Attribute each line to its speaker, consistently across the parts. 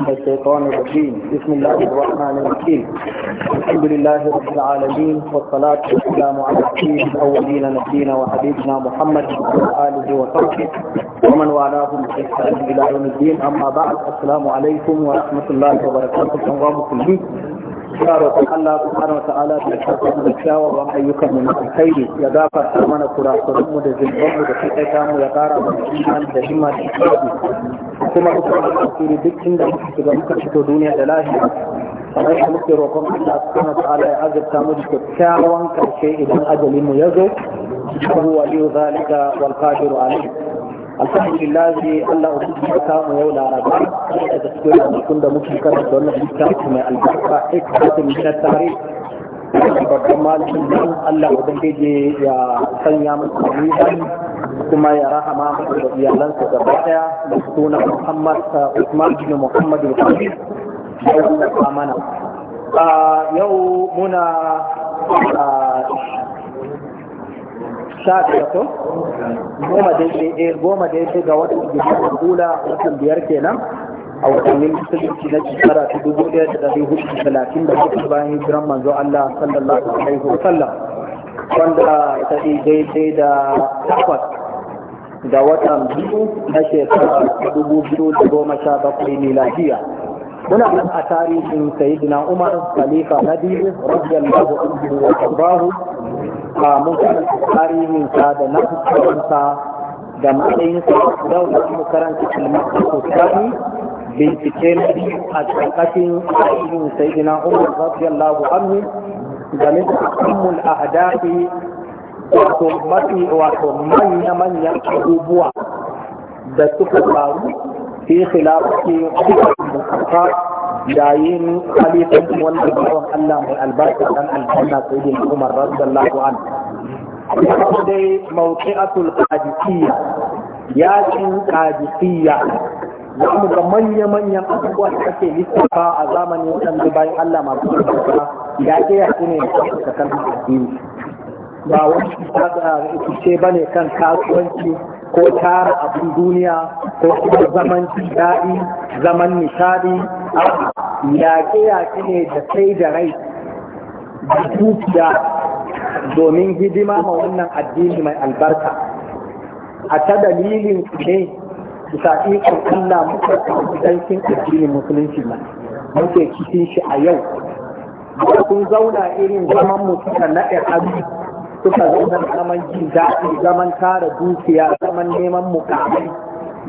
Speaker 1: من الشيطان الرجيم بسم الله الرحمن الرحيم الحمد لله رب العالمين والصلاة والسلام على سيد الأولين نبينا وحبيبنا محمد وعلى آله وصحبه ومن والاهم بإحسان إلى يوم الدين أما بعد السلام عليكم ورحمة الله وبركاته أيها المسلمين ya roƙon Allah subhanahu wa ta'ala da ya da kyawawan ayyukan mu na alkhairi ya gafarta mana kurakuran mu da zunuban mu da kitaita mu ya ƙara mana iman da himma da kitabi kuma ku kuma asiri duk inda muka shiga muka fito duniya da lafiya kamar da muke roƙon Allah subhanahu wa ta'ala ya azurta mu da kyawawan karshe idan ajalin mu ya zo هو ولي ذلك والقادر عليه alhamdulillah ne Allah ubangi ya yau laraba daga cikin ranakun da muke karanta wannan littafi mai albarka ikhlasin min babban malamin nan Allah ubangiji ya sanya mu kuma ya rahama da iyalansa gaba daya da suna Muhammad Usman bin Muhammad da wannan amana. Yau muna sha da goma daidai eh, goma daidai ga watan jihar kula watan biyar kenan a watannin musulunci na shekara ta dubu ɗaya da ɗari hudu da talatin da hudu bayan hijiran manzo Allah sallallahu alaihi wa sallam wanda ta daidai da takwas ga watan biyu na shekara ta dubu biyu da goma sha bakwai miladiya muna nan a tarihin sayyidina Umar Khalifa na biyu radiyallahu anhu wa tabahu
Speaker 2: a mun karanta
Speaker 1: tarihin sa da na hukumarsa da matsayin sa da mu karanta kalmar sosai bincike na biyu a ƙarƙashin tarihin sayyidina Umar radiyallahu anhu game da hukumul ahdafi wato mafi wato manya-manyan abubuwa da suka faru fi khilafi Yayin yin halifin wanda bawan Allah mai albarka dan aljanna sayyidina Umar radiyallahu anhu dai mawqi'atul qadisiyya yakin qadisiyya za mu ga manya-manyan abubuwa da ake lissafa a zamani waɗanda bayan Allah masu kusurka da ake yaƙi ne da kan ba wani kusurce kan kasuwanci ko tara abin duniya ko kuma zaman daɗi zaman nishadi yaƙe-yaƙe ne da sai da rai da dukiya domin hidima ma wannan addini mai albarka a ta dalilin ne bisa ikon Allah muka kudancin addini musulunci ma muke cikin shi a yau kun zauna irin zaman mutum na ɗan abu. suka zama zaman jin daɗi zaman tara dukiya zaman neman mukamai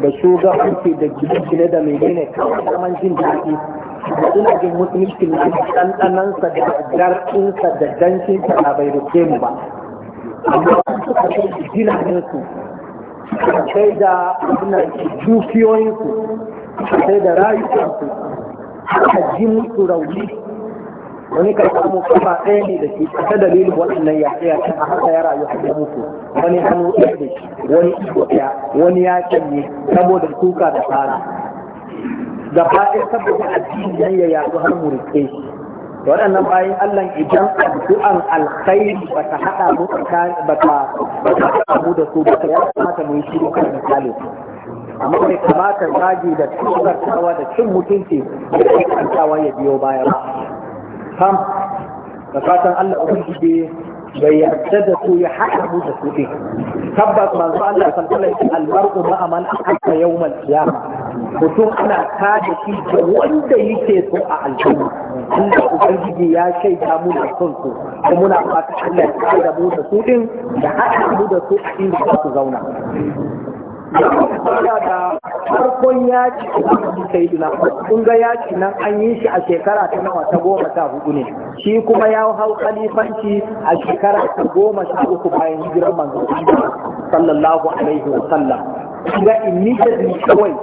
Speaker 1: da shugabanci da gine-gine da menene zaman jin daɗi da ina jin musulunci na ɗanɗanansa da garɗinsa da dancinsa a bai rufe mu ba amma suka kai jinaninsu suka kai da dukiyoyinsu suka kai da rayukansu aka ji musu rauni wani ka samu kafa ɗaya ne da shi ta dalilin waɗannan yaƙe yaƙen a haka ya rayu har ya mutu wani hannu ɗaya da wani ido ɗaya wani ya ne saboda tuka da fara da fa'in saboda addini nan ya yaɗu har murike waɗannan bayan Allah idan addu'an alkhairi ba ta haɗa mu ba ta haɗa mu da su ba ta ya mata mu yi shiru kan misali amma bai kamata zagi da tusartawa da cin mutunci da ya kantawa ya biyo baya ba sam da fatan Allah ubangiji bai yarda da su ya haɗa mu da su ɗin tabbas manzo Allah sallallahu alaihi almar'u ma aman aka yawmal qiyama mutum ana kada shi da wanda yake so a aljanna Allah ubangiji ya shaida mu da son su kuma muna fata Allah ya kada mu da su ɗin da haɗa mu da su a inda za su zauna da
Speaker 2: da
Speaker 1: farkon yaki da kai dina kun ga yaki nan an yi shi a shekara ta nawa ta goma ta hudu ne shi kuma ya hau khalifanci a shekara ta goma sha uku bayan hijiran manzo sallallahu alaihi wa sallam ga immediately kawai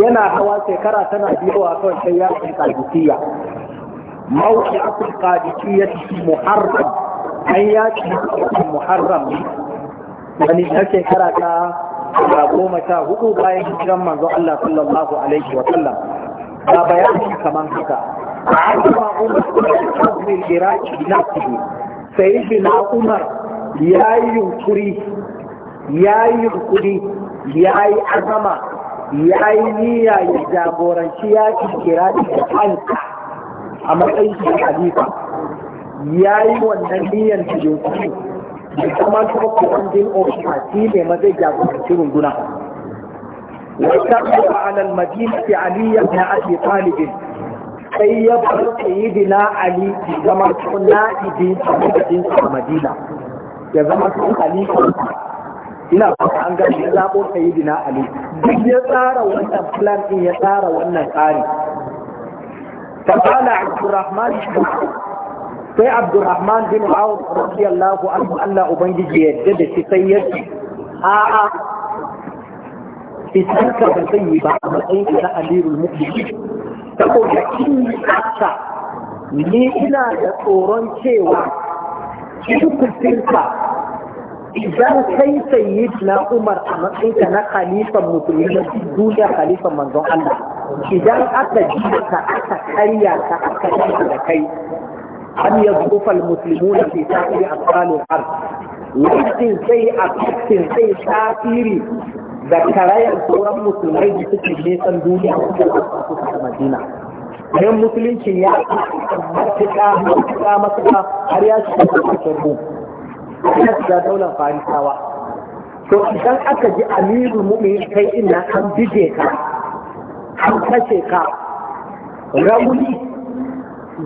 Speaker 1: yana hawa shekara tana biyowa kawai sai ya yakin kadisiya موقع القادسية محرم أن يأتي wani يعني shekara ta. ga goma sha hudu bayan hijiran manzo Allah sallallahu alaihi wa sallam
Speaker 2: ga bayani
Speaker 1: kaman haka amma umar ibn al sai shi na umar yayi yunkuri yayi yunkuri yayi azama yayi niyya ya jagoranci ya kira da kanka a matsayin khalifa yayi wannan niyyar yunkuri bai kuma kuma kwamandin ofisashi ne ma zai jagoranci runguna. runduna وكتب على المدينة علي بن أبي طالب sai ya bar sayyidina ali zama na'ibi cikin madina ya zama cikin khalifa ina fata an gani ya zabo sayyidina ali duk ya tsara wannan plan din ya tsara wannan tsari fa qala abdurrahman ibn sai abdurrahman bin awf radiyallahu anhu Allah ubangiji yadda da shi sai ya ce a'a isarka ba zai yi ba a matsayin ka na amirul mu'minin saboda in ka ni ina da tsoron cewa shukufinka idan kai sayyid na umar a matsayinka na khalifan musulmi na duniya khalifan manzon Allah idan aka ji ka aka karya ka aka da kai an yazrufa almuslimuna fi ta'iri asfalil ard wannan sai a cikin sai tasiri da karayar sauran musulmai da suke nesan duniya suke a madina bayan musuluncin ya matuƙa matuƙa matuƙa har ya shiga cikin rum ya shiga daular farisawa to idan aka ji amirul mu'minin kai ina an bije ka an kashe ka rauni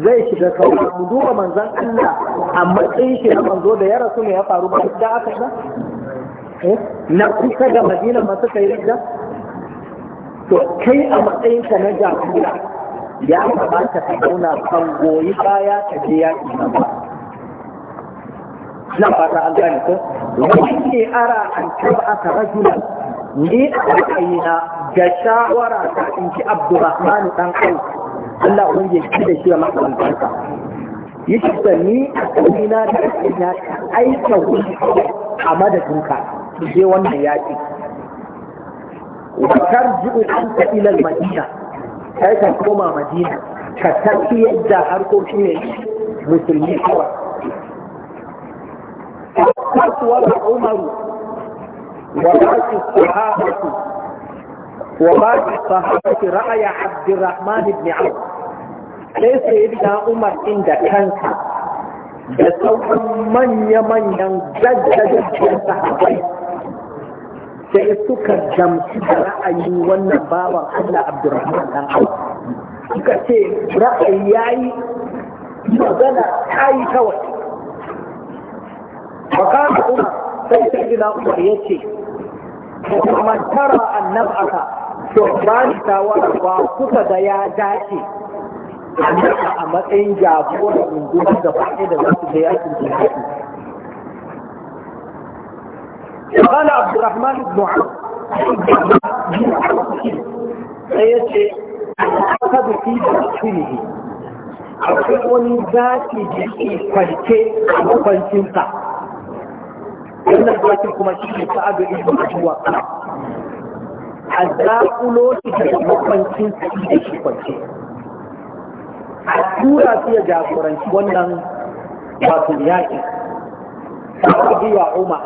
Speaker 1: zai shiga kawai mu duba manzan Allah a matsayin shi na manzo da ya rasu ne ya faru ba da aka ba eh, na kusa da madina masu kai da to kai a matsayin ka na jagora ya kamata ka zauna kan goyi baya ka je yaƙi na ba na fata an gane ko wani ne ara an taba aka rajula ni a ra'ayina da shawara ta in ji Abdurrahman dan Auf Allah ubangiji ya ci da shi da makamantarsa yake sanni a kanina da ina aikin wuri a madadinka je wannan yaƙi wakar ji'u an ƙa'ilar ilal madina sai ka koma madina ka tafi yadda harkokin ne musulmi kawai kasuwar umaru wa kasu sahabatu وبعض الصحابة رأي عبد الرحمن بن عوف sai sayyidina Umar inda kanka da sauran manya-manyan jaddajajjen sahabai sai suka jamsu da ra'ayi wannan bawan Allah Abdurrahman dan Auf suka ce ra'ayi yayi magana ta yi kawai Bakar Umar sai sayyidina Umar ya ce, "Kuma tara annabaka to ba ni shawara ba kuka ga ya dace a matsayin jagorar rundunar da baƙi da za da je
Speaker 2: yakin jihadi
Speaker 1: قال عبد الرحمن بن عوف سيأتي أخذ في akwai wani zaki da ke kwance a makwancinsa kuma shi ne a zaƙulo shi daga makwancin su da shi kwanci a tura su ya jagoranci wannan wato yaƙi ta biya umar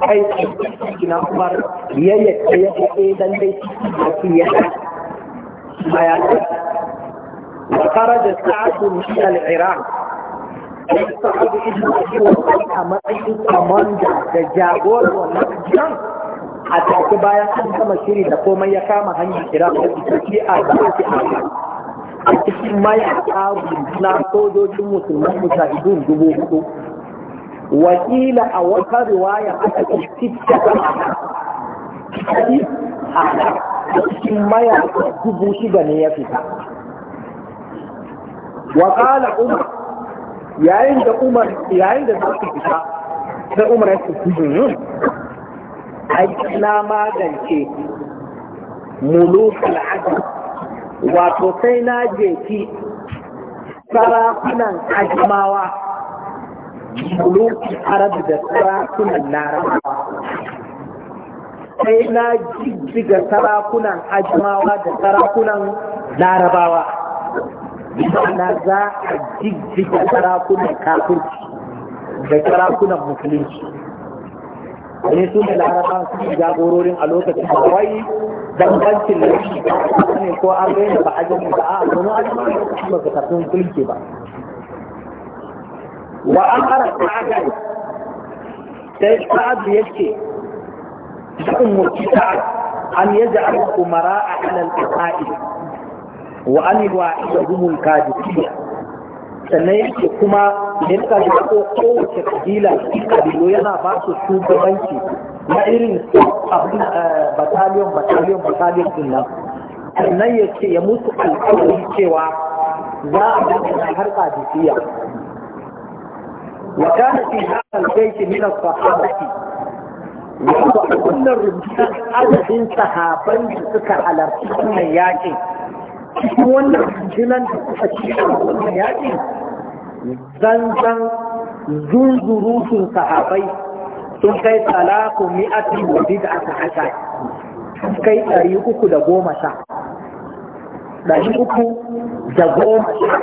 Speaker 1: kai tsaye na umar ya yadda ya ɗaya dan dai a fiye a yaƙi وخرج سعد من العراق sa'adu ibn abi wa a matsayin kamanda da jagor wannan jiran a tafi bayan an gama shiri da komai ya kama hanyar kira da ciki a da ake a cikin mayaka na sojojin musulman musa'idun dubu hudu wakila a wata riwaya a ci cikin a cikin mayaka dubu shida ne ya fita wakala umar yayin da umar yayin da za su fita sai umar ya ce hmm, hmm. ai na magance mulukul ajam wato sai na jeki sarakunan ajamawa mulukul arab da sarakunan larabawa sai na jijjiga sarakunan ajamawa da sarakunan larabawa na za a jijjiga sarakunan kafirci da sarakunan musulunci ne su da laraba su jagororin a lokacin da wai dambancin da shi ne ko an raina ba a jami ba a kuma an ma su ba zakatun kulke ba wa an ara sa'adan sai sa'ad ya ce da umurci sa'ad an yaja al umara a alal qaid wa an yu'idhum al kadhibiyya sannan ya ce kuma da ka ga ko kowace kabila cikin yana ba su shugabanci na irin abin eh, bataliyon bataliyon bataliyon din nan sannan ya ce ya musu alƙawari cewa za a dinga har kadisiya wa kana fi hadha al ki min sahabati wato a wannan rubuta adadin sahaban da suka halarci wannan yaƙin cikin wannan jinan da suka ci a wannan yaƙin zanzan zunzurusun sahabai sun kai talatu mi'ati wa bid'ata sun kai ɗari uku da goma sha ɗari uku da goma sha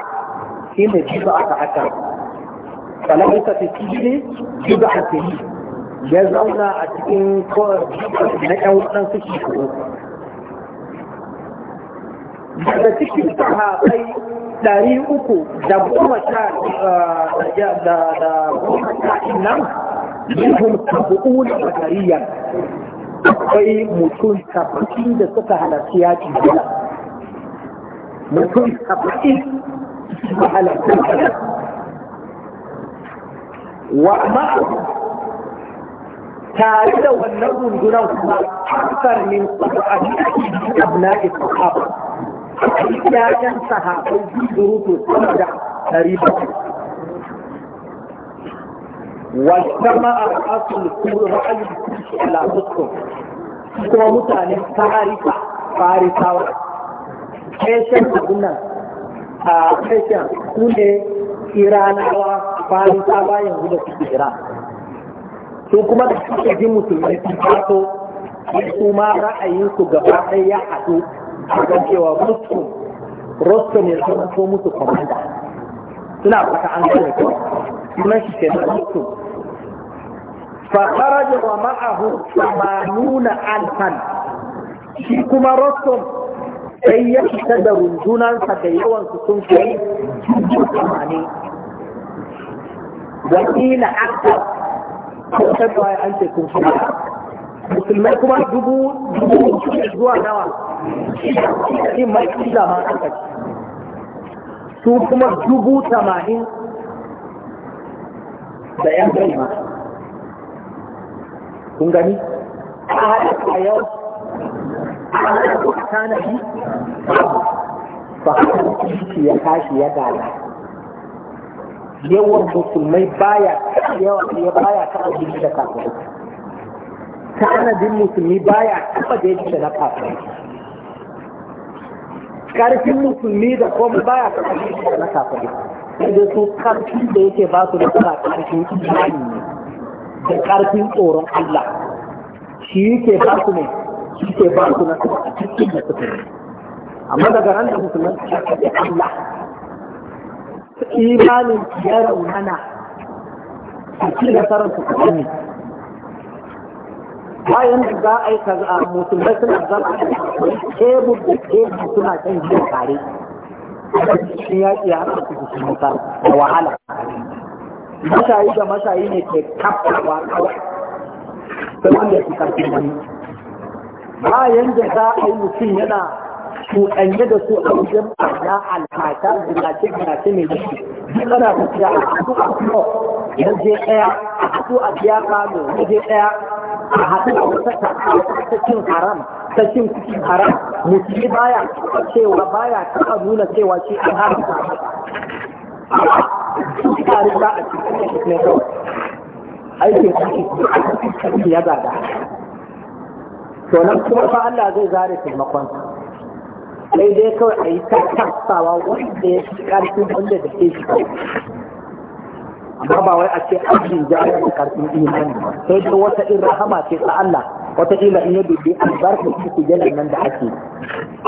Speaker 1: shi ne jiba aka haka falaisa ta cikin jiba a cikin ya zauna a cikin na ƴan suke shi daga cikin sahabai ɗari uku da goma sha da goma sha nan minhum sabu'un bakariyan akwai mutum saba'in da suka halarci yaƙin bila mutum saba'in
Speaker 2: suka halarci yaƙin
Speaker 1: wa amma tare da wannan rundunar kuma akasar min sabu'an abna'i sahaba ‘ya'yan sahabai zurutu sama da ɗari bakwai. Wata ma'ar asul kuma ra'ayin alamuskun, kuma mutanen farisa, farisawa, keshen abin nan, a keshen su ne Iranawa, farisawa yanzu da suke Iran. Sun kuma da suke jin musulmai sun fato, su ma ra'ayinsu gaba ɗaya ya haɗu kan cewa mutum rostom ya zama ko musu kwamanda suna fata an gane ko sunan
Speaker 2: shi kenan mutum
Speaker 1: فخرج ومعه ثمانون alfan, shi kuma rostom sai ya fita da rundunansa da yawan su sun kai tamanin wakila aka kusa da an ce kun kuma musulmai kuma dubu dubu zuwa nawa shi mai kila ma aka ci su kuma dubu tamanin da yan gani ma kun gani
Speaker 2: a haɗa a yau a haɗa a tanaji
Speaker 1: ba haɗa ya tashi ya gala yawan musulmai baya yawan ya baya taɓa jini da kafin tanadin musulmi baya taba da yake na kafirai karfin musulmi da komai baya taba da yake na kafirai sai su karfin da yake ba su da kuma karfin imani ne da karfin tsoron Allah shi yake ba su ne shi yake ba su na a cikin da suka amma daga ran da musulman su shafi Allah imanin ya raunana a cikin nasarar su kuma ne bayan da za a yi kaza musulmai suna zama tebur da tebur suna kan jiya tare cikin yaƙi ya haka su cikin wuta da wahala mashayi da mashayi ne ke kafawa kawai sai wanda ya fi karfin wani bayan da za a yi mutum yana cuɗanye da su a wajen ɓarna alfata zinace zinace mai jiki duk ana tafiya a haɗu a kuma yanzu ɗaya a haɗu a biya kano yanzu ɗaya a haɗu da wata ta cin haram ta cin cikin haram musulmi baya cewa baya taɓa nuna cewa shi an haramta ta riga a cikin ne kawai aikin ciki ya zaga to nan kuma fa Allah zai zare taimakon sai dai kawai a yi ta kasawa wanda ya fi ƙarfin wanda da ke shi kawai amma ba wai a ce jari da ake karfin imani sai dai wata in rahama ce ta Allah wata ila in yadda bi albarka cikin jalan nan da ake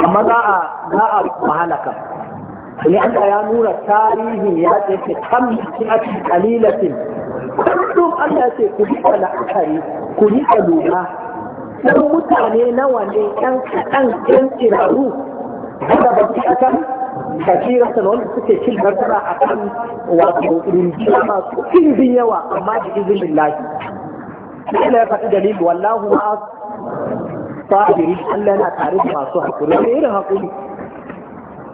Speaker 1: amma za a za a mahalaka ne Allah ya nuna tarihin ya ce ke kam cikin kalilatin kullum Allah ya ce ku bi la'akari ku yi lura dan mutane nawa ne ɗan kaɗan ɗan tsiraru da ba su kasiratan wanda suke cin nasara a kan wato rinjiya masu ɗimbin yawa amma da izinin lafi Allah ya faɗi dalili wallahu ma sabiri Allah yana tare da masu haƙuri wani irin haƙuri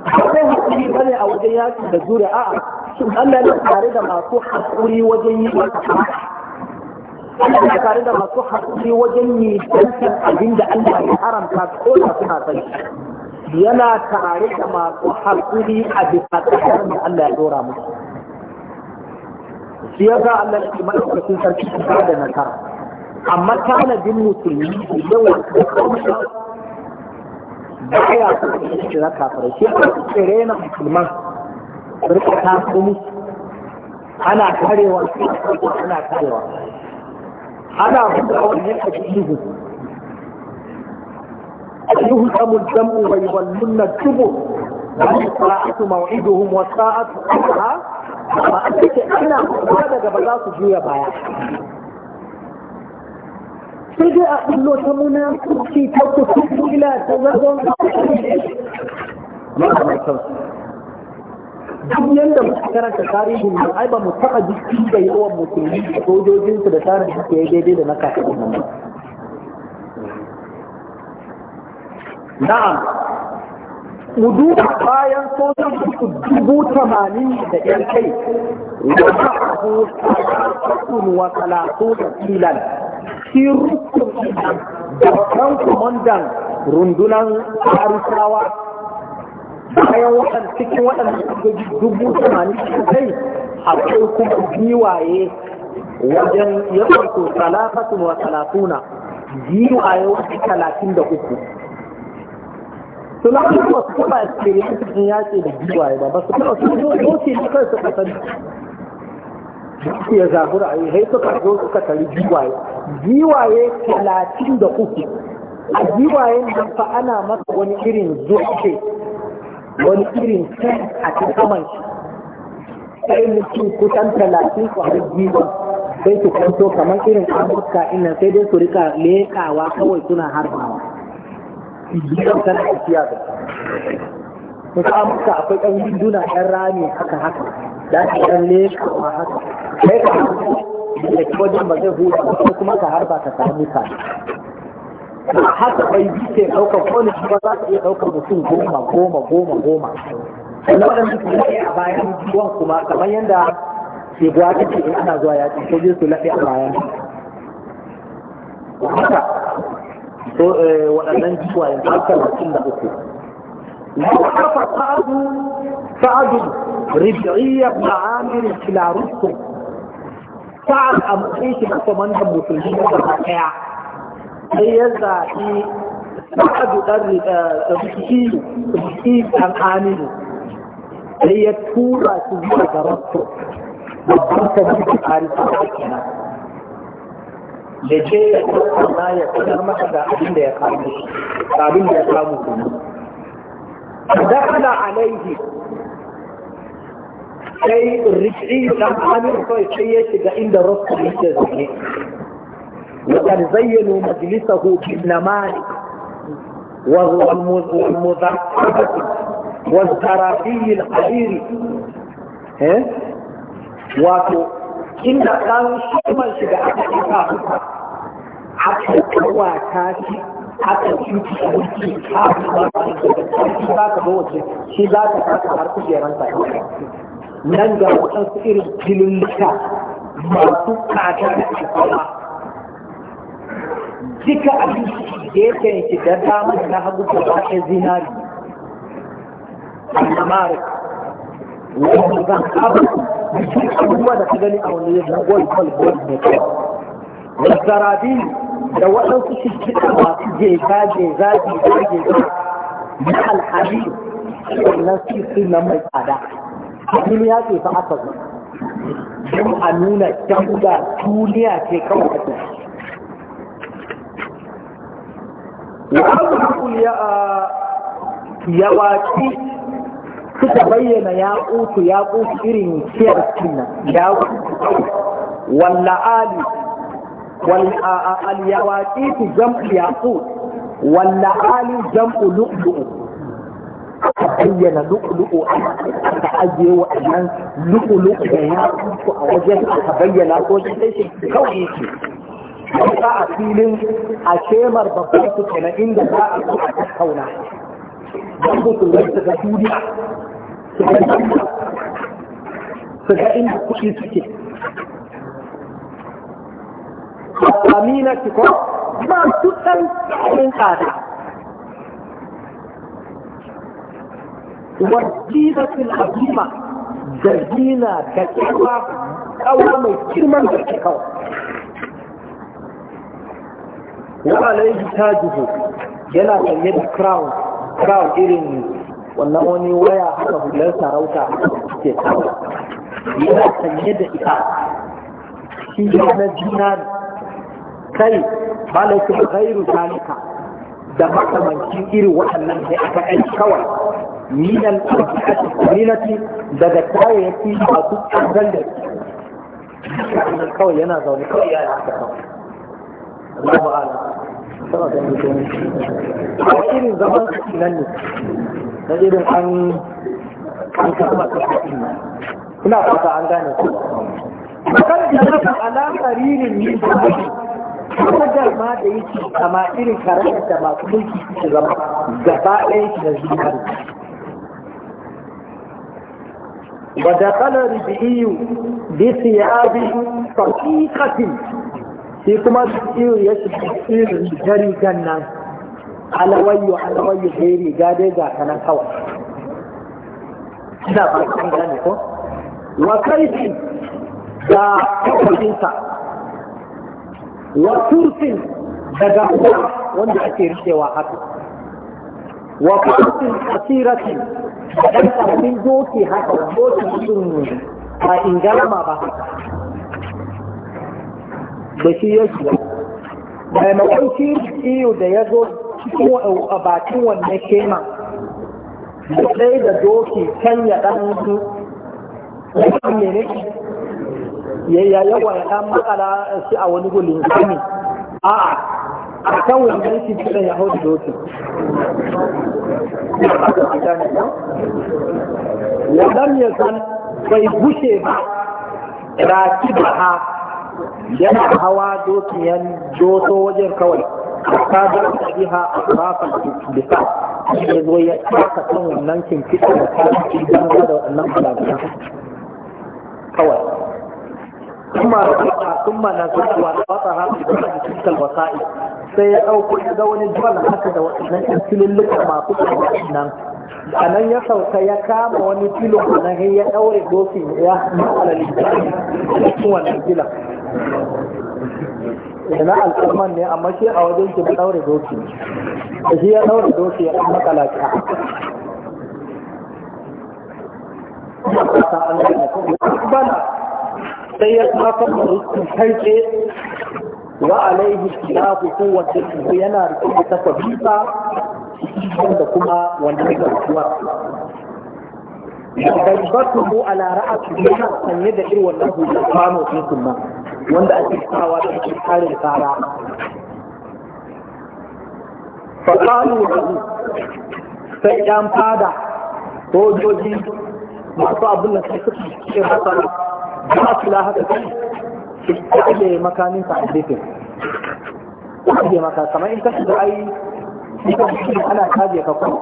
Speaker 1: akwai haƙuri bane a wajen yaƙi da jure a'a Allah yana tare da masu haƙuri wajen yi Allah yana tare da masu haƙuri wajen yi dankan abin da Allah ya haramta ko da suna sani yana tare da masu haƙuri a bisa ƙasar da Allah ya dora musu shi ya sa Allah ya kima ɗaukacin sarki ba da nasara amma tanadin musulmi yawan da kawai baya su na kafirai shi a tsere na musulman rika ta kuma ana karewa ana karewa ana a wani yi cikin يهزم الجمع ويضلن الدبر والساعة موعدهم والساعة أدعى فأنت أنا هذا قبل لا تجي بايع sai dai a ɓullo ta muna kurki ta kusa ila ta zagon
Speaker 2: makamantar
Speaker 1: duk yadda karanta tarihin nan ai ba mu taɓa jikin da yawan musulmi sojojinsu da tsarin su ya daidai da na kakasin nan na'am udu bayan sojoji dubu tamanin da yan kai
Speaker 2: wata abu
Speaker 1: talatin wa talatin da filan shi rukun da kan rundunan harisawa bayan waɗanda cikin waɗanda sojoji dubu tamanin da kai akwai kuma giwaye wajen ya farko talatin wa talatuna giwaye wasu talatin da uku to na su ba su taba experience din yaƙi da giwaye ba ba su taba su zo doki ne kai suka sani ya zabura ai sai suka zo suka tari giwaye giwaye talatin da uku a giwayen nan fa ana masa wani irin zuwa wani irin kan a cikin saman shi sai mutum kusan talatin ku kwanar giwon sai su kwanto kamar irin amurka inan sai dai su rika lekawa kawai suna harbawa biyan tana tafiya da wasu amurka akwai ɗan winduna ɗan rami haka haka da ake ɗan leka ma haka Sai ka da ke wajen ba zai huda ko kuma ka harba ka samu ka haka bai bi ke ɗaukar ko ne ba za ka iya ɗaukar mutum goma goma goma goma
Speaker 2: sannan waɗanda su lafiya
Speaker 1: a bayan ruwan kuma kamar yadda ke buwa ta ce in ana zuwa yaƙi ko zai su lafiya a bayan haka to waɗannan jiwayen har talatin da uku وقف سعد سعد ربعي بن عامر إلى رستم سعد أبو إيش كمان أبو سليم sai ya zaɓi sa'adu ɗan rikici rikici ɗan aminu sai ya tura su zuwa ga rasu babban sabbin tsari su kenan ya je ya kuma ya sanar masa da abin da ya kamu abin da ya kamu dakala alaihi sai rikki dan amir kai sai ya shiga inda rasul yake zaune wa zayyano majalisa bil namani wa huwa al-muzakkar wa al-tarafi al-hariri wato inda kawo shimar shi da aka yi kafuka aka ta shi aka cuci a wuce kafin ba ka shi za ka zo waje shi za ka kasa har kujeran sa nan ga su irin kilolita masu kata da alfarma duka abinci da yake shi da damar na hagu da ba zinari a Namarika. wanda zan abu da shi abubuwa da ka gani a wani yadda gol gol gol ne kawai da zarabi da waɗansu shi kiɗa masu jeza jeza jeza jeza na alhali wannan sisi na mai tsada abin ya ce fa aka zo don a nuna jamga duniya ce kawai ta wa abu ya yawaci suka bayyana ya ƙutu ya ƙutu irin ciyar cinna ya walla ali wal yawaki tu jam'u yaqut walla ali jam'u lu'lu'u aka bayyana lu'lu'u aka ajiye waɗannan lu'lu'u da ya ƙutu a wajen aka bayyana ko sai shi kawai yake ba a filin a shemar babban su kenan inda za a zo a tattauna don mutum da ta ga duniya daga inda kuɗi suke amina ki ko ɗan ɗan ƙada wajji da fil da zina da ƙirma ƙawa mai girman da ke kawo wa alaihi tajihu yana sanye da crown crown irin wannan wani waya haka hular sarauta ke kawo yana sanye da ita shi na zinari kai malaikin gairu zalika da makamancin irin waɗannan sai aka ɗan kawai minan alfi'ati community daga kayayyaki masu tsandan da kawai yana zaune kawai ya yana haka kawai
Speaker 2: Allah ba'ala. Sama da irin zaman
Speaker 1: nan ne. na irin an an ta ina ta an gane su kan da alaƙa ririn yin da ake kajar ma da yake kama irin karar da masu mulki suke zama gaba ɗaya shi na zuwa ودخل ربعي بثياب صديقة في كما تقول يشبه في الجري nan. alawayyo alawayyo da ya riga dai ga ta nan kawai ina ba kan gane ko wa kaifi da kafafinsa wa turfin daga uwa wanda ake rikewa haka wa kafin asiratin da ɗan ƙarfin doki haka doki mutum a ingama ba haka da shi ya shiga maimakon shi iyo da ya zo a bakin wannan da sai da doki kan ya ɗan su ya mene ya yi yawa ya ɗan matsala shi a wani gulin ne
Speaker 2: a a kan wannan
Speaker 1: shi jiran ya hau da doki ya ɗan ya san bai bushe ba raki ba ha yana hawa dokiyan doso wajen kawai ta ga tariha a rafar bisa ya zo ya ɗaka kan wannan cin kinkita da ta ci gano da wannan kalabuna kawai kuma a kuma na zuwa da wata hafi da wata jikin wasa'i sai ya ɗauko ya ga wani duwal haka da wannan kinkilin luka masu kalabuna nan a nan ya sauka ya kama wani filo na nan ya ɗaure dofin ya ma'alalin jami'a a cikin wannan filan na alƙalman ne amma shi a wajen shi daure doki da shi ya daure doki ya ɗan makala ta bana sai ya kuma kuma rikin karfe wa alaihi ko kowace su yana rikin da takwabinsa da kuma wanda ya karfuwa bai batu ko ala ra'atu yana sanye da irin wannan hudu kwano sun wanda ake sawa da ake kare tsara fasalu da sai yan fada sojoji masu abin da suke cikin hasar ba su la haka kai su kage makamin sa a gefe kage maka kamar in ka shiga ai ana kage ka kuma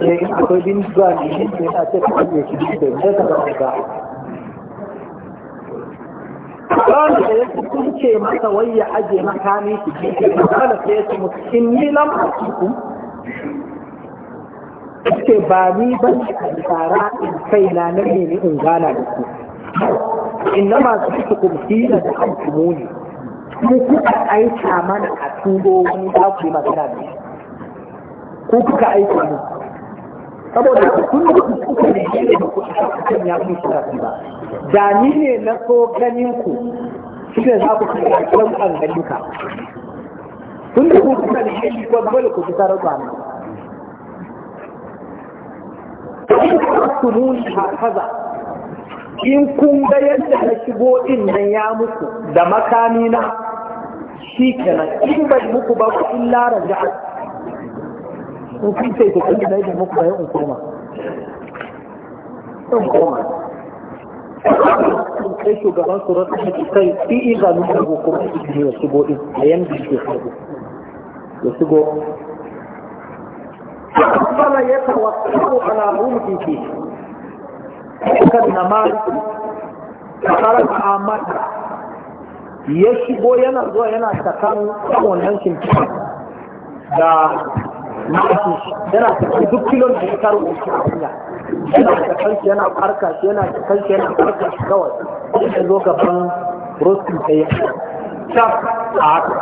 Speaker 1: eh, in akwai bin zuwa ne sai a ce ka kage shi da ka ga قال سيكون masa ما aje أجي مكاني قال سيكون إني لم أتكم ce ba ni ba ne a tsara in kai na na ne in gana da ku inna ma su fi da an kumo ne ku kuka aika mana a turo wani za ku yi magana da ku kuka aika mu saboda kun da kuka ne ne da kuka kan ya fi suna ba da ni ne na so ganin ku shi za ku kai fi karɓar ɓangaruka kun da kuka ne ne ko dole ku fi tarar ba nan tumuni hakaza in kun ga yadda na shigo din nan ya muku da makami na shi kenan in bai muku ba ku illa raja'a in kun ce ku kalli zai da muku bayan in koma in koma kai shugaban su rasu da kai fi iza nuna hukumar ne ya shigo din a yanda ke shigo ya shigo فلا يتوكل على عمده كالنمار خرج عامته ya shigo yana zuwa yana tsakan wannan shimfiɗa da ma'aikata yana tafi duk kilon da ya karo da shi a hanya yana tafi shi yana farka shi yana tafi shi yana farka shi kawai sai zo gaban rosti da ya shafa a haka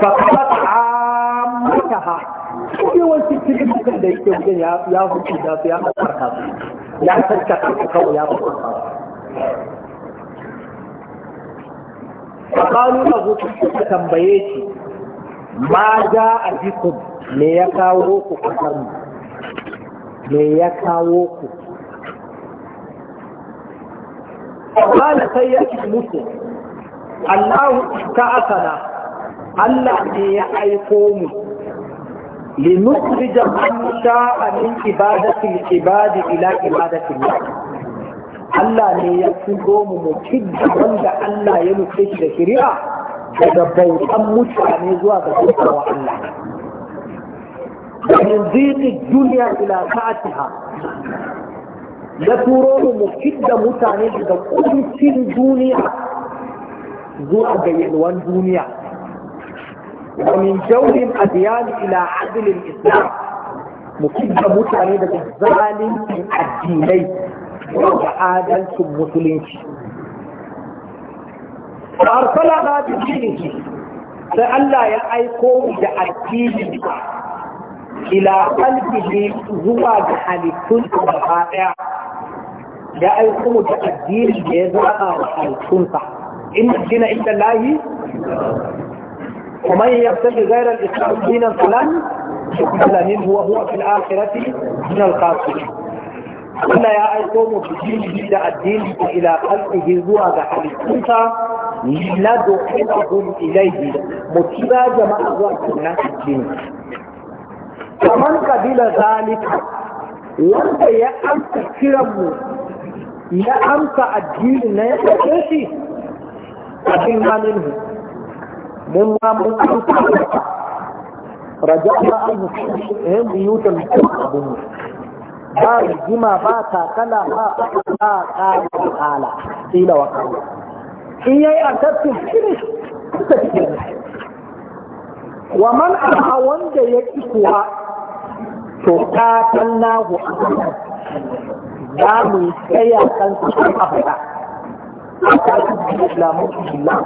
Speaker 1: fakala ta amurka ha yawanci cikin da yake wajen ya hutu da su ya farka su ya sarka su kawai ya farka su faƙalu na zuci su tambaye shi ma za a bikum me ya kawo ku kasar mu me ya kawo ku قال سيأتي المسلم الله استعثنا الله يحيقوم لنخرج من شاء من عبادة العباد إلى عبادة الله Allah ne ya turo mu mu kidda wanda Allah ya nufe shi da daga bautan mutane zuwa ga wa Allah min zikin duniya ila sa'atiha ya turo mu mu fidda mutane daga kuncin duniya zuwa ga yalwan duniya wa min jawlin adiyan ila adlil islam mu fidda mutane daga zalincin addinai zuwa ga adalcin musulunci ba arsala na bi sai Allah ya aiko da addini ila qalbihi zuwa ga halittun gaba daya ya aiko mu da addini da ya zaba wa halittunsa inna dina inda lahi ومن يبتغي غير الاسلام دينا فلن يقبل منه وهو في الاخره من الخاسرين قال يا ايقوم بالدين بدا الدين الى خلقه زوى حديثك ladukhilahum ilayhi mutiba jama'a zuwa cikin jini kaman kabila zalika wanda ya amsa kiran ya amsa addini na ya sake shi abin manin mun ma mun kuka rajama anhu ehm yutan abun mu ba rijima ba takala ba sa ta ta ta ta ta ta in yayi attacking finish suka cike wa man a wanda ya ki kuwa to ta katan nahu za mu tsaya kan su a fada a kasu islamu islam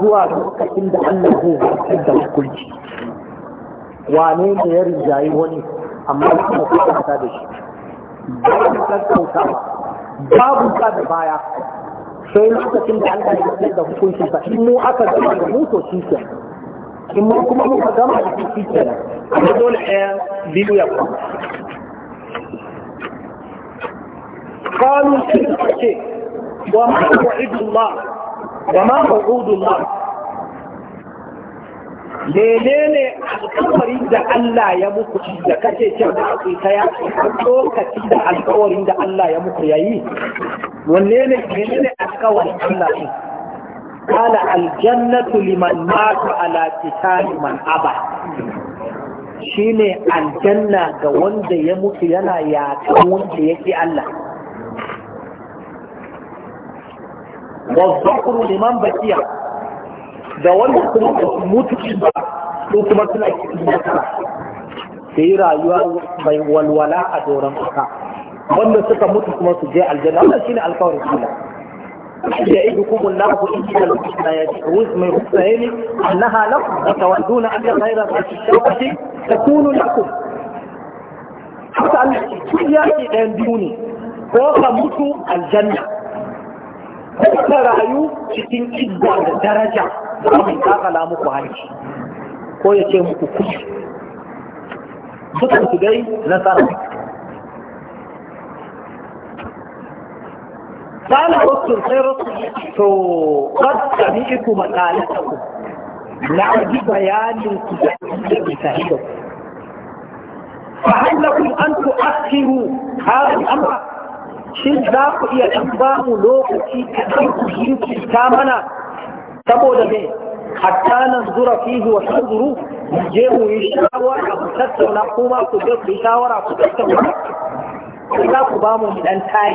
Speaker 1: zuwa lokacin da Allah zai zartar da hukunci wane ne ya rinjayi wani amma kuma kuma da shi babu sassautawa babu sa da baya sai lokacin da Allah ya yi da hukuncin sa in mu aka gama da mu to shi ke in mu kuma mu ka gama da shi ke amma dole ɗaya biyu ya kuma قالوا شرك شيء وما wa ma وما وعود الله menene alkawarin da Allah ya muku da kace cewa da ake ta ya lokaci da alkawarin da Allah ya muku yayi wanne ne menene alƙawarin Allah ɗin kala aljannatu liman mata ala kitani liman aba shine aljanna ga wanda ya mutu yana yaƙan wanda yake Allah wa zakru liman bakiya da wanda kuma mutu ba ko kuma suna cikin da yi rayuwa mai walwala a doron kuka. wanda suka mutu kuma su je aljanna wannan shine alƙawarin Allah يعدكم الله إن الحسنيات وزم الحسنين أنها لكم وتودون أن غير الشوكة تكون لكم حتى أن تجاهي عندوني فوق موتوا الجنة فوق رأيو idda da درجة da mai kakala muku hanci ko ya ce muku kushi قال الرسل سي الرسل تو قد سمعت مقالتكم لا أجي بيان
Speaker 2: بسهيدكم
Speaker 1: فهل لكم أن تؤخروا هذا الأمر shin za ku iya ɗan ba mu lokaci kaɗan ku jinkirta mana saboda me hatta nan zura fihi wa tanzuru mu je mu yi shawara ku tattauna kuma ku je ku yi shawara ku tattauna ku za ku ba mu ɗan tayi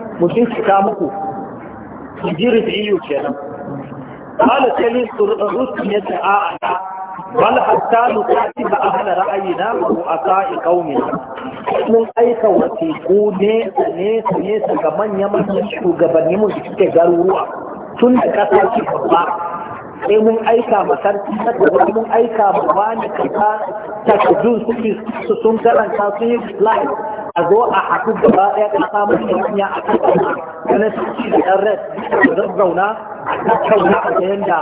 Speaker 1: mutum ta muku jirin iyo kenan قال سليم الرسل يدعى بل حتى نكاتب a sa'i kaumi na mun aika wasiƙu nesa nesa nesa ga manya-manyan shugabanni mun suke garuruwa tun da ƙasa ce babba sai mun aika ma sarki na gaba mun aika ma wani kasa takardun su sun karanta sun yi slide a zo a haɗu gaba ɗaya ka samu hanya a kan wani sarki da ɗan red, da zazzauna a tattauna a ta yanda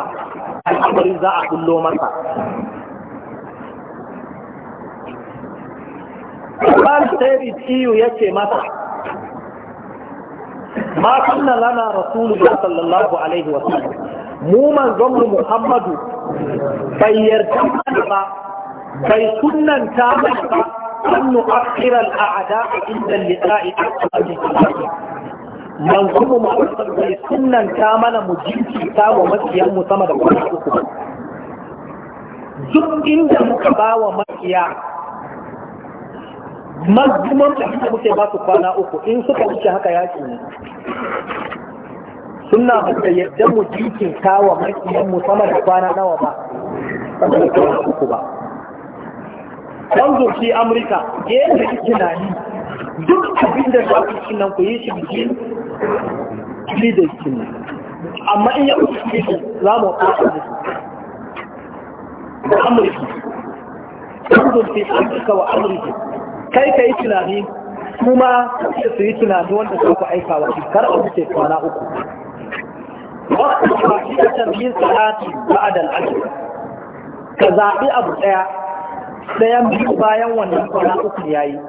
Speaker 1: al'amari za a bullo masa. Kwal David Iyu ya ce masa, Ma kunna lana Rasulullah sallallahu Alaihi wasallam, mu manzon Muhammadu bai yarda ba, bai sunanta ba, أن نؤخر الأعداء عند اللقاء أكثر من manzumu ما أصدق sunan ta mana mu كتاب wa makiyan sama da kwana uku duk inda muka ba wa makiya mazguman da suka muke ba su kwana uku in suka wuce haka yaki ne suna da yadda mu wa makiyan sama da kwana nawa ba kwana uku ba wanzu fi amurka yadda kike na yi duk abin da za ku ci nan ku yi shi da shi ne amma in ya kusa shi za mu ƙasa da su amurka fi amurka wa amurka kai ka yi tunani kuma su yi tunani wanda za ku aika wa shi kar abu ce kwana uku wasu ba shi da tambayin salati ba'ad al ka zaɓi abu ɗaya ɗayan biyu bayan wannan kwana uku ya yi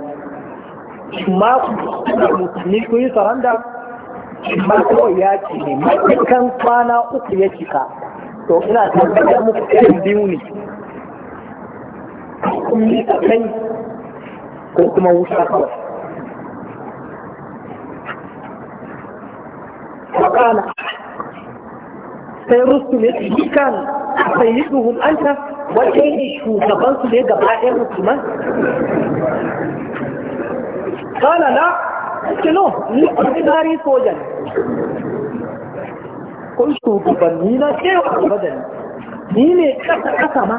Speaker 1: ma ni ku yi saranda ma kawai ya ce ne matukan kwana uku ya cika to ina mu muku ɗayan biyu ne kun yi kai ko kuma wuta kawai فقال sai ne ya ce kan sayyiduhum anta wanda ne shugaban su ne gaba ɗaya musulman kana na ce no ni ordinary sojan kun ni na cewa gaba da ni ni ne ƙasa ƙasa ma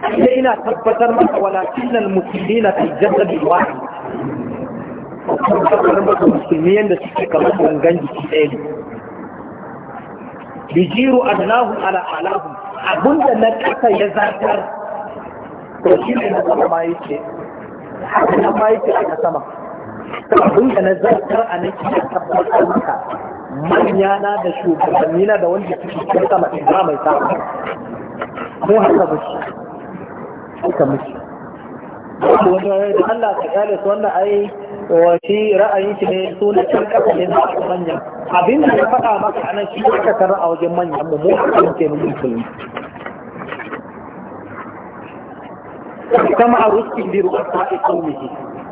Speaker 1: sai ina tabbatar maka walakin al muslimina fi jaddadi wahid tabbatar maka musulmi yanda suke kamar gangan jiki ɗaya bijiru adnahu ala alahu na kasa ya zartar to shi ne na sama ma yake haka na ma yake a sama abinda na zartar a nan shi tabbatar maka manya na da shugabanni na da wanda suke cikin sama in ba mai sama mu haka mushi haka mushi wanda Allah su wannan wa ra'ayin shi ne sunan can kasa ne na a manyan abin da ya faɗa maka a nan shi aka kara a wajen manyan mu mu aka muke mu musulmi kama a ruskin biyu a sa'i ke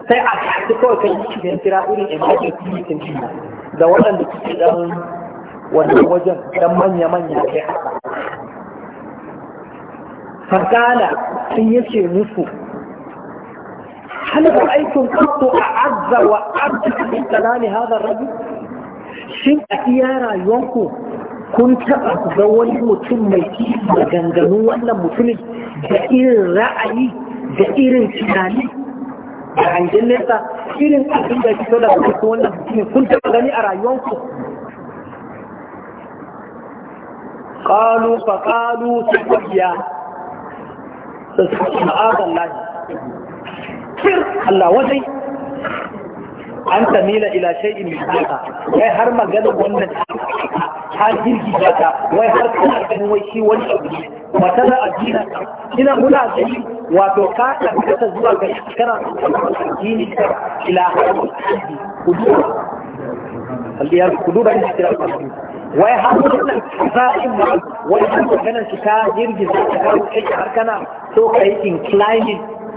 Speaker 1: sai a kasu kawai kan yi shi kira irin yi cikin shi da waɗanda suke ɗan wannan wajen ɗan manya-manya kai haka. Fakana sun yace musu هل رأيتم قط أعز وأبدع من كلام هذا الرجل؟ شن أتيارا يوكو kun taɓa ga wani mutum mai maganganun wannan mutumin da irin ra'ayi da irin tunani da hangen nesa irin abin da fito da mutum wannan mutumin kun taɓa gani a rayuwanku قالوا فقالوا سبحيا سبحان الله
Speaker 2: كثير ا ل ل ه وزي
Speaker 1: أ ن ت ميل إ ل ى شيء من حقيقه اي هر ما قال ولن حال دين جيجاتا واي هر كان هو شيء ولن وتلا الدين الى هنا دين وتوقع ان تزور بشكرا دين الى هذا الدين اللي يرى قدور عند الشراء واي هر كان حزائم واي هر كان شكا يرجي زي شكا وكي هر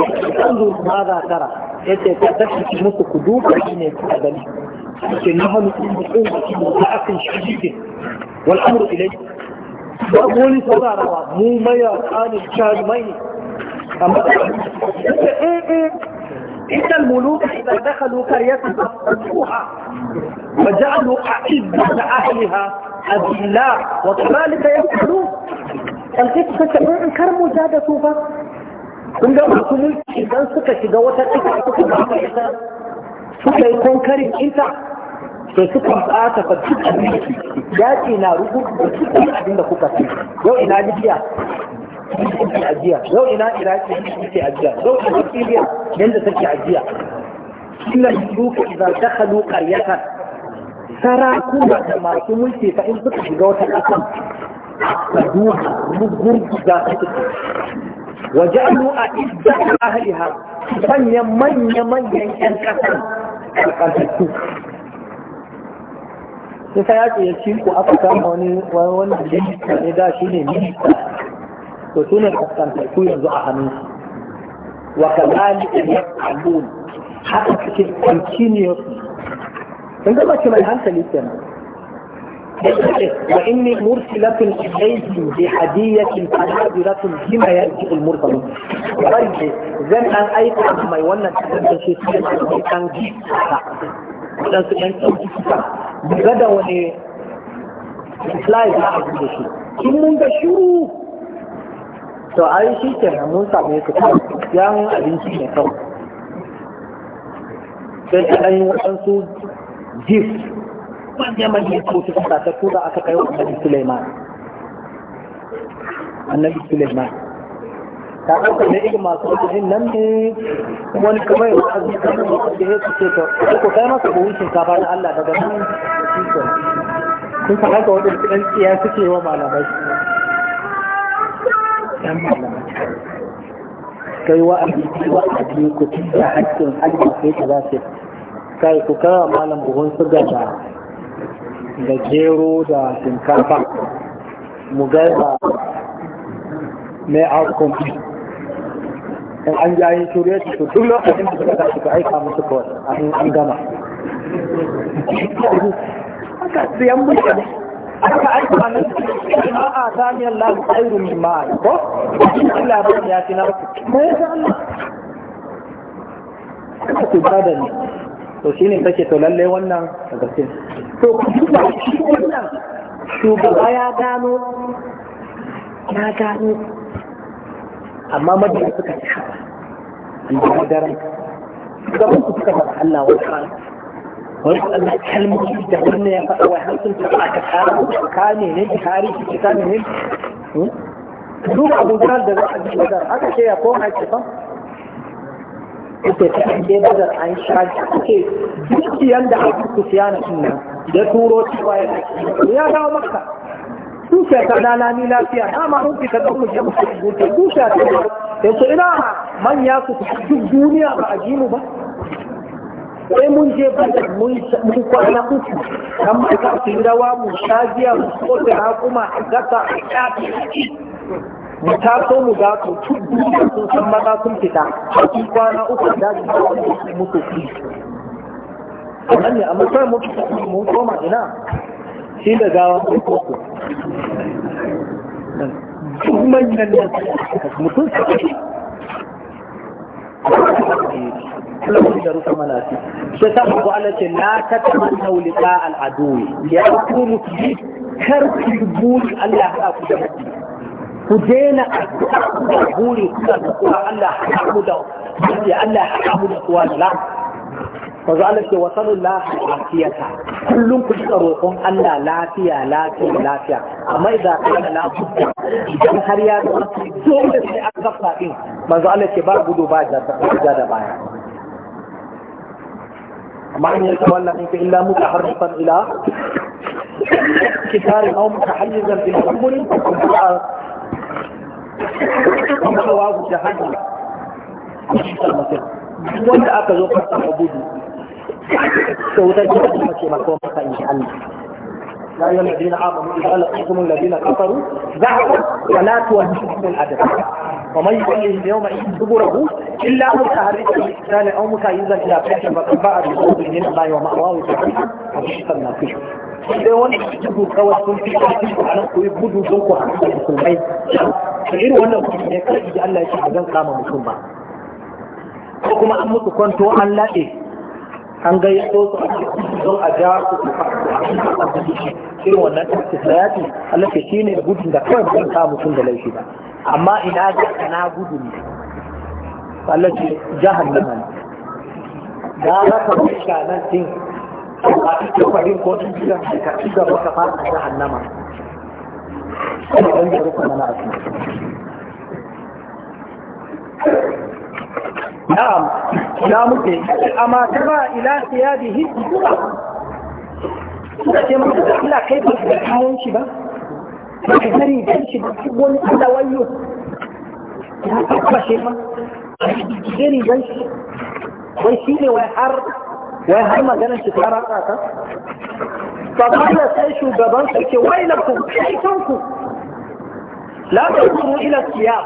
Speaker 1: انظر ماذا ترى انت تكتشف نفسك قدوك من الابد لكنها نقوم بمتاكل شديد والامر اليه وقولي صدى روى مو ميا كان الشاذ مي اما إيه، إيه، إيه. إن الملوك إذا دخلوا قرية فتحوها وجعلوا أعزة أهلها أذلاء وكذلك يفعلون القصة كرم زادة بس kun ga masu mulki idan suka shiga wata ɗaya suka ba ka ita suka yi konkarin ita to suka ɓata fa duk yaƙi na rubutu da duk abin da kuka fi yau ina libya ajiya yau ina iraki take ajiya yau ina siriya yanda take ajiya illa duka idan dakhalu qaryatan sarakuna da masu mulki fa in suka shiga wata ƙasa ka duba mugurgu za su وجعلوا أئدة أهلها سنيا من يمن ينكسر القلب Nisa ya ce ya ci ku aka kama wani wanda minista ne da shi ne minista to su ne kaskantattu yanzu a hannun su wa yi abu haka cikin kwanci ne ya su. Sun gaba mace mai hankali kenan وإني مرسلة إليهم بهدية فنادرة بما يأتي المرسلون برجع زن أن أيضا ما يوانا تتبقى شيء كان جيسا dan su ɗan ɗauki daga da wani fly za da shi in mun ga shiru to ai shi ke mun samu ya kusa yan abinci mai kyau sai ta ɗan waɗansu gift
Speaker 2: manya-manyan
Speaker 1: cututtuka ta tura aka kai wa annabi Suleiman. Annabi Suleiman. Ta ɗauka da irin masu wajen nan ne wani kamar yau a zuwa kan da ya ce ta ko kai masa buhun shinkafa na Allah daga nan sun san haka waɗanda ɗan tsiya suke wa malamai. Ɗan malamai. Kai wa'azi, kai wa'azi ku tun da haƙƙin Allah sai ta za su kai ku kawo malam buhun suga da da gero da shinkafa mu gaisa mai outcome in an ja yin shirya su duk lokacin da suka tashi ka aika musu kawai an an gama haka siyan mutane haka aika nan ma'a ta miyar lafi tsairu min ma'a ko cikin labarin ya fi na ko ya sa Allah haka su bada ne to shi ne kake to lalle wannan gaske to kuma wannan shugaba ya gano ya gano amma madara suka ci haɓa da daren gaban su suka faɗa Allah wa ta'ala wani Allah kalmomi da wannan ya faɗa wa har sun taɓa ka tsara ka ne ne ki kare ki ka ne ne hmm? duk abubuwan da za a ji aka ce ya kowa ake fa kuke cikin ke badar an shaji kuke dukiyan da aka kusiya na suna ya turo cewa ya ya dawo maka dukiya ta na ni lafiya na ma ta fita da mu je mu dukiya dukiya ta su ina manya su duk duniya ba a ji mu ba sai mun je bandar mun kwana uku kan mata su rawa mu shajiya mu kotu na kuma a gasa
Speaker 2: a
Speaker 1: mu taso mu ga su tudu sun san maza sun fita cikin kwana uku da daji da wani mutu fi wannan ne amma sai mutu mu koma ina shi da gawa ko koko duk manyan nan mutum su kashe Allah da rufa mana shi sai ta ku Allah ce la tatamanna liqa al adu ya ku mutu kar ku buri Allah ya ku da mutu ku daina addu'a buri kuna da kuwa Allah haɗa mu da ya Allah haɗa mu da kuwa da la manzo Allah ce wa sallallahu afiyata kullum ku tsika roƙon Allah lafiya lafiya lafiya amma idan ka da lafiya idan har ya zama dole sai an gafa din manzo Allah ce ba gudu ba ja da baya amma in yake wannan in ka illa mutaharrifan ila kitabin aw mutahayyizan bil umuri wanda aka zo farsan abubu ta wutar jihar da mace masu mafaka in sha'an da ya yi wani dina abu da ala kusurin ladina kafaru za a kuma na tuwa jihar ba mai yi yi da yau mai yi dubu rabu illa mu ta harin da yi tsanin an muka yi zan ila fashin ba a rubutu da yana bayan wa ma'awa wuta a cikin na fushi sai wani gudu kawai sun fi ƙarfi a nan koyi gudu don ku musulmai da irin wannan kuma ne da Allah ya ce zan kama mutum ba ko kuma an mutu kwanto an laɗe an gayyato su a cikin don a ja su su irin wannan Allah ke gudun da kawai zan kama mutum da laifi ba amma ina ga na gudu ne Allah ce jahannama ne a cikin fahim ko cikin gidan da ka ci gaba ka fara jahannama kuma ɗan gari kuma na asu na'am ya muke amma tara ila siyadihi kuma suka ce masa da Allah kai ba da kayan shi ba ba ka sani da shi ba duk wani Allah wayo
Speaker 2: ya tabbashe
Speaker 1: ma a cikin rigar shi wai shi ne wai har wai har maganar ki ta ratsa ta فقال سيشو جبان سيكي ويلكم شيطانكم لا تنظروا إلى الثياب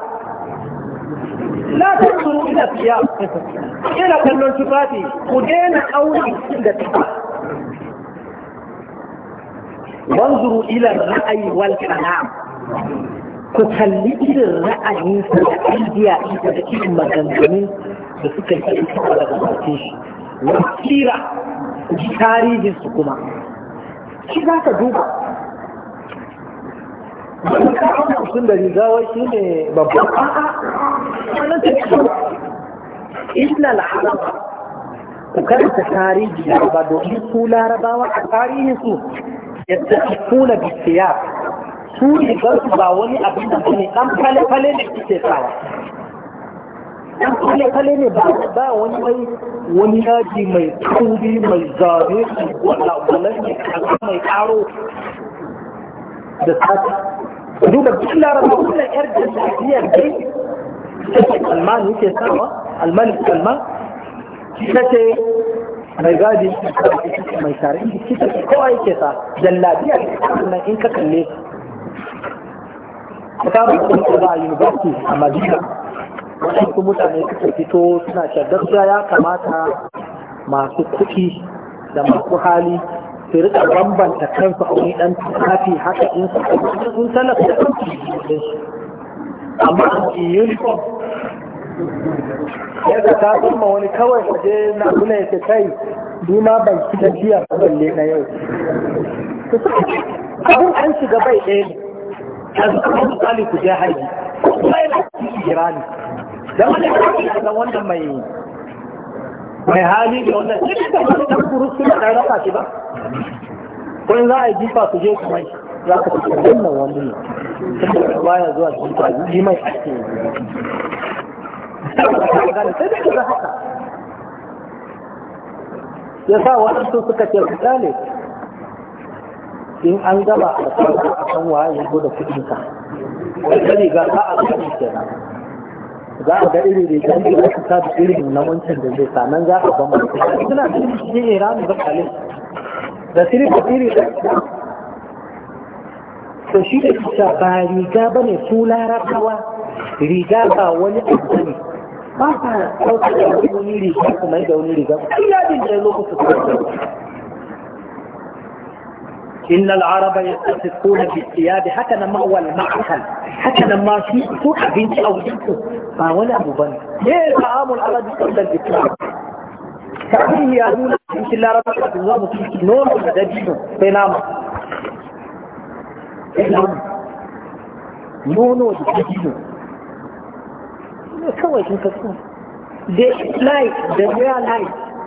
Speaker 1: لا تنظروا إلى الثياب إلى كنون تفاتي خدينا أولي إلى وانظروا إلى الرأي والكلام كتلي إلى الرأي والأيديا إلى إلى مجنزمين بسكة إلى إلى wasira tarihin su kuma shi za ka duba wani kawai mutum da rigawar shi ne babban a'a wani ta ce isla la'araba ku karanta tarihi laraba domin su larabawa a tarihin su yadda su kuna bisiya su rigar ba wani abin da su ne dan fale-fale da suke sawa dan kalle kalle ne ba ba wani mai wani yaji mai kauri mai zane wala wala ne mai karo da sati duba duk laraba kullum yar da tafiya dai alman yake sawa alman kalman ita ce mai gadi mai tare ita ce kowa yake sa jallabiya nan in ka kalle ka samu kuma ba university a madina waɗansu mutane suka fito suna cewa gaskiya ya kamata masu kuɗi da masu hali su rika bambanta kansu a wani ɗan tafi haka in su sun talaka da kansu amma a uniform yadda ta ma wani kawai waje na kula ya ce kai duma ma ban ki da biya balle na yau abin an shiga bai ɗaya ne a zuwa misali ku je haji kuma yana jira jirani wanda mai mai hali da wanda ko in za a jifa su je za ka fi wannan wani ne zuwa jifa ji yi sai da ka haka ya sa sun suka ce ne? in an gaba a kan waye ko da kuɗinka wani riga ka a kan kenan za a ga da rigar da aka sa da irin na wancan da zai sa nan za a ban mutum suna cikin cikin iran da kalin da da iri da to shi da kusa ba riga ba ne su larabawa riga ba wani abu ba sa ɗaukar da wani riga kuma da wani riga ba yi yadin da ya lokacin su إن العرب يستثقون الثياب حتى لما هو المعقل حتى لما في سوء بنت أو بنت ما ولا مبنى ليه طعام العرب قبل الإسلام كأنه يأمون إن الله رب العالمين مصيح نور مدجن بنام إسلام نونو مدجن كويس مكسون دي لايت دي ريال لايك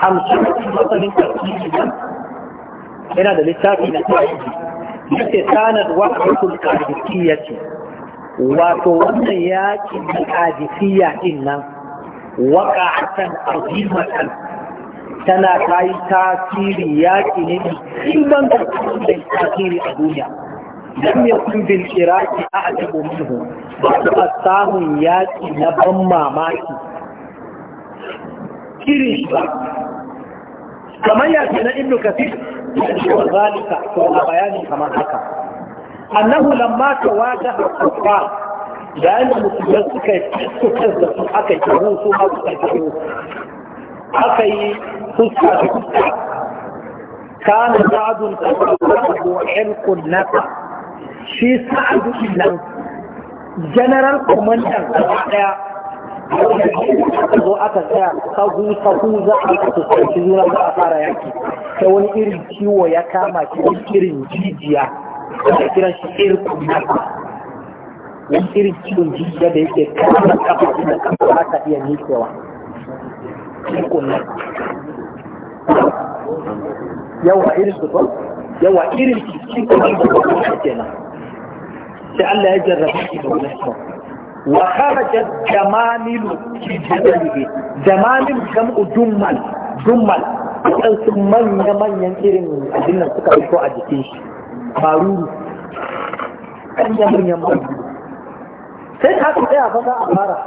Speaker 2: hamsin matsalin karfi nan
Speaker 1: yana da littafi na tarihi yake sanar wa abin kadisiyya ce wato wannan yakin na kadisiyya din nan waka akan azimatan tana ta yi tasiri yaki ne ɗimban karfi da tasiri a duniya لم يكن بالعراق أعجب منه بعد أساه ياتي نبما ماكي كريش بقى kamar ya ce na ibnu kasir wa zalika to na bayanin kamar haka annahu lamma tawadaha kuffar da yanda musulmai suka yi suka da su aka yi kiran su ma suka kiro
Speaker 2: aka yi fuska da fuska
Speaker 1: kana sa'adun tasawu ilqun nasa shi sa'adu nan general commander gaba daya aka zo aka tsaya sahu sahu za a fuskanci juna za a fara yaki Ta wani irin ciwo ya kama shi irin jijiya da kiran shi irin nasa wani irin ciwon jijiya da yake kama kafa da kafa ba ka iya nikewa irku nasa yawa irin su yawa irin cikin kuma da kuma kenan sai Allah ya jarraba shi da wani wa kharajat jamamilu fi jadalihi jamamil jam'u manya manyan irin abin nan suka fito a jikin shi maruru manya manyan maruru sai ta ku tsaya fa za a fara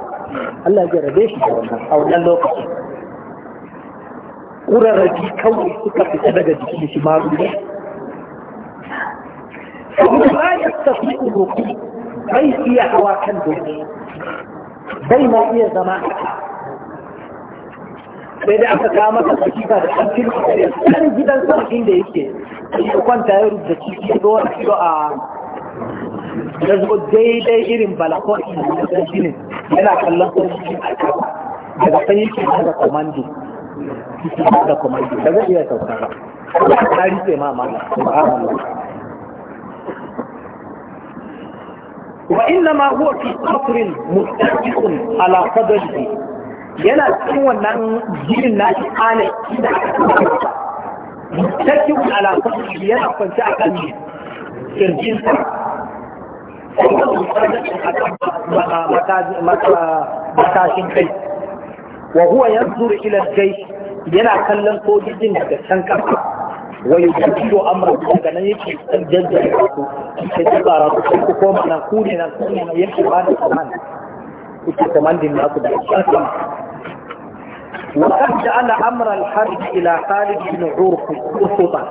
Speaker 1: Allah ya rabe shi da wannan a wannan lokacin kurarraji suka fita daga jikin shi maruru.
Speaker 2: Kuma ba ya tafi uruku bai iya
Speaker 1: hawa kan doki bai ma iya zama ta. sai dai aka kawo masa hakika da kantin kan gidan sama inda yake ya kwanta ya rubuta ciki ga wani kilo a ya zo daidai irin balakon da ginin yana kallon sarki a kasa daga sai yake daga komandi da komandi da zai iya sauka ba ta rike ma mala subhanallah وإنما هو في قطر مستحق على قدره yana cikin wannan jirin na shi kane da sarki alaƙar yana kwanci a kan kirjin sa matashin kai wa huwa yanzu ila gai yana kallon sojojin daga can kafa ويجدد امره daga nan yake dan jaddada ku sai ku fara ku koma nan ku ne nan ku ne nan yake ba da kaman ku ce kaman din na ku da kaman وقد جعل امر الحرب الى خالد بن عرفطه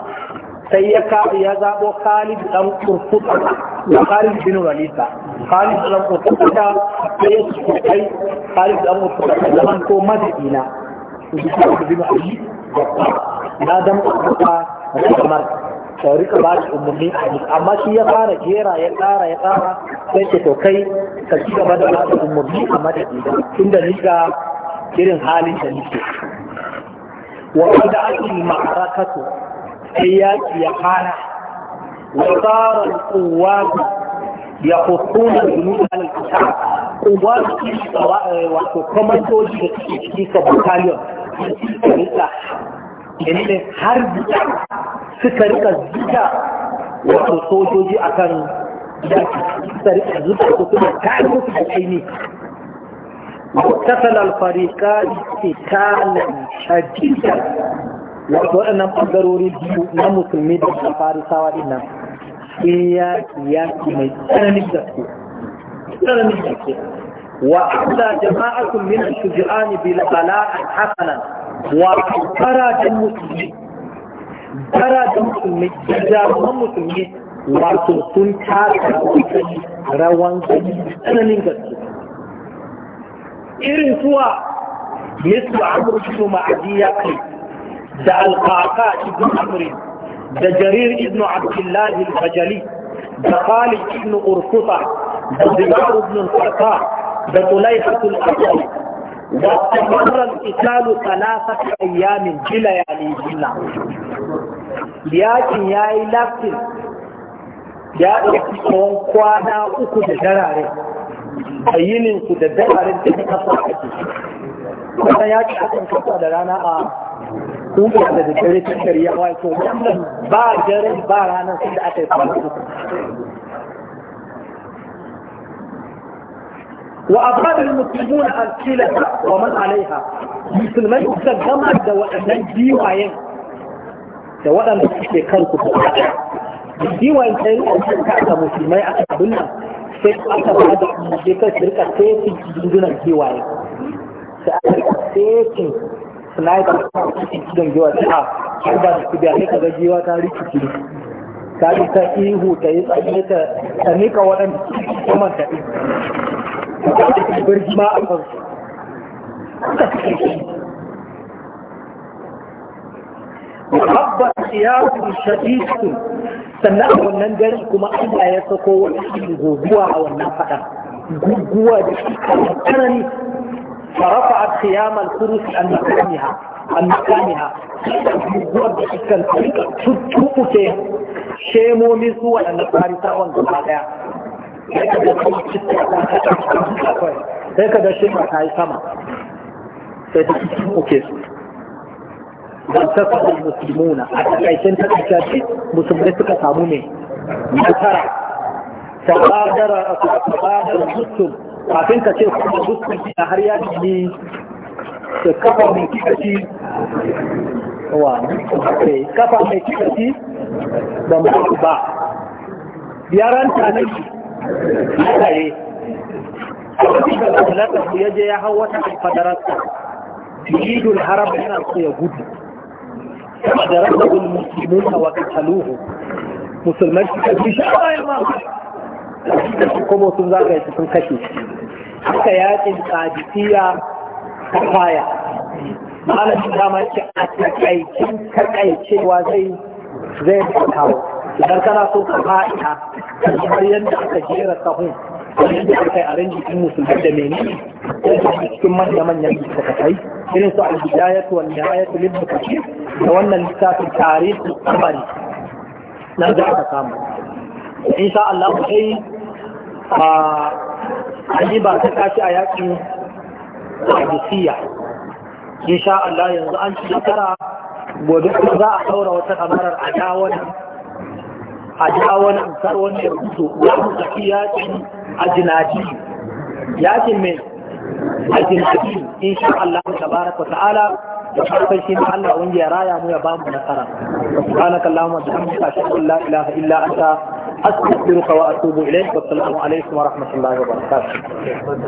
Speaker 1: sai ya ya zabo Khalid dan Kurkuta da Khalid bin Walida Khalid dan Kurkuta sai ya su kai Khalid dan Kurkuta zaman ko Madina su bi bin Ali da na dan Kurkuta kamar ka rika ba shi umarni amma shi ya fara jera ya tsara ya tsara sai ce to kai ka ci gaba da ba umarni a madadi tunda ni ga irin halin da nake wa da ake ma'arakatu sai ya yaki ya fara wa tsara kowa ya hukuna da alal kasa kowa da ke eh, wato kwamantoji da suke cikin sa battalion da suke ne har suka rika zuta wato sojoji akan suka rika zuta ko kuma kare musu da aini واتصل الفريقان قتالا شديدا wato waɗannan ɓangarori biyu na musulmi da na farisawa ɗin nan sun yaƙi yaƙi mai tsananin gaske tsananin gaske wa abda jama'atun min shuja'ani bil bala'a hasanan wato farajen musulmi farajen musulmi da jaruman musulmi wato sun taka rawan gani tsananin gaske irin suwa misu amurci ya kai da alƙaƙa cikin amrin da jarir ibn abdullahi al-bajali da khalid ibn urkuta da zibar ibn farka da tulaihatul asali واستمر القتال ثلاثة أيام بلياليهن yakin ya yi lafin ya ɗauki tsawon uku da darare a da da ta kasa a ciki kuma akan kasa da rana a kuma da dare ta shari'a wa ba dare ba ranar sun da aka yi kwana وأبغض المسلمون الكيلة ومن عليها musulmai suka gama da waɗannan giwayen da waɗanda suke kansu su giwayen ta yi musulmai a abin nan sai aka ba da je kai su rika setin dundunan giwayen sai aka rika setin sniper a cikin gidan giwa ta a ba da su biya sai ka giwa ta rikici ta yi ta ihu ta yi tsaye ta nika waɗanda suke kuma ta ihu da birgi ma a kansu Habbar siyasa shadidun sannan a wannan garin kuma Allah ya sako wani irin goguwa a wannan faɗan. Guguwa da shi kan tsanani فرفعت خيام الكرس عن مكانها عن مكانها guguwar da iskan
Speaker 2: tutuɓuce
Speaker 1: shemomin su waɗanda farisawan gaba ɗaya sai ka ga shi ta yi sama sai ta cikin uke su don sassa musulmuna a takaicin takaicin ce musulmai suka samu ne nasara
Speaker 2: sabadara a sabadar
Speaker 1: musul kafin ka ce kuma musul a har ya ne da kafa mai kikaci wa kafa mai kikaci ba. mutu ba yaranta na mutane a ya je ya hau wata fadararsa yidul haram yana so ya gudu fadararsa gun musulmuna wa kataluhu musulman shi ka fi sha'awa kuma sun zagaye sun kashe haka yakin kadisiya ta kaya malamin dama ce a takaicin takaicewa zai zai kawo idan kana so ka fa'ida kamar yadda aka jera sahun yadda aka yi a ranjikin musulmi da menene yadda cikin manya manyan suka kai irin su al-bidayatu wal nihayatu lil mutaqin da wannan littafin tarihi amari nan da aka samu insha Allah sai a yi ba ta tashi a yakin Qadisiyya insha Allah yanzu an ci shekara gobe za a saura wata kamarar a adawa a ja wani amsar wani ya rubuto ya mutaki yakin ajinaji yakin mai ajinaji in sha Allah ta baraka ta'ala da farkon shi Allah wanda ya raya mu ya bamu nasara subhanaka allahumma bihamdika
Speaker 2: ashhadu an la ilaha illa anta astaghfiruka wa atubu ilayk wa assalamu wa rahmatullahi wa barakatuh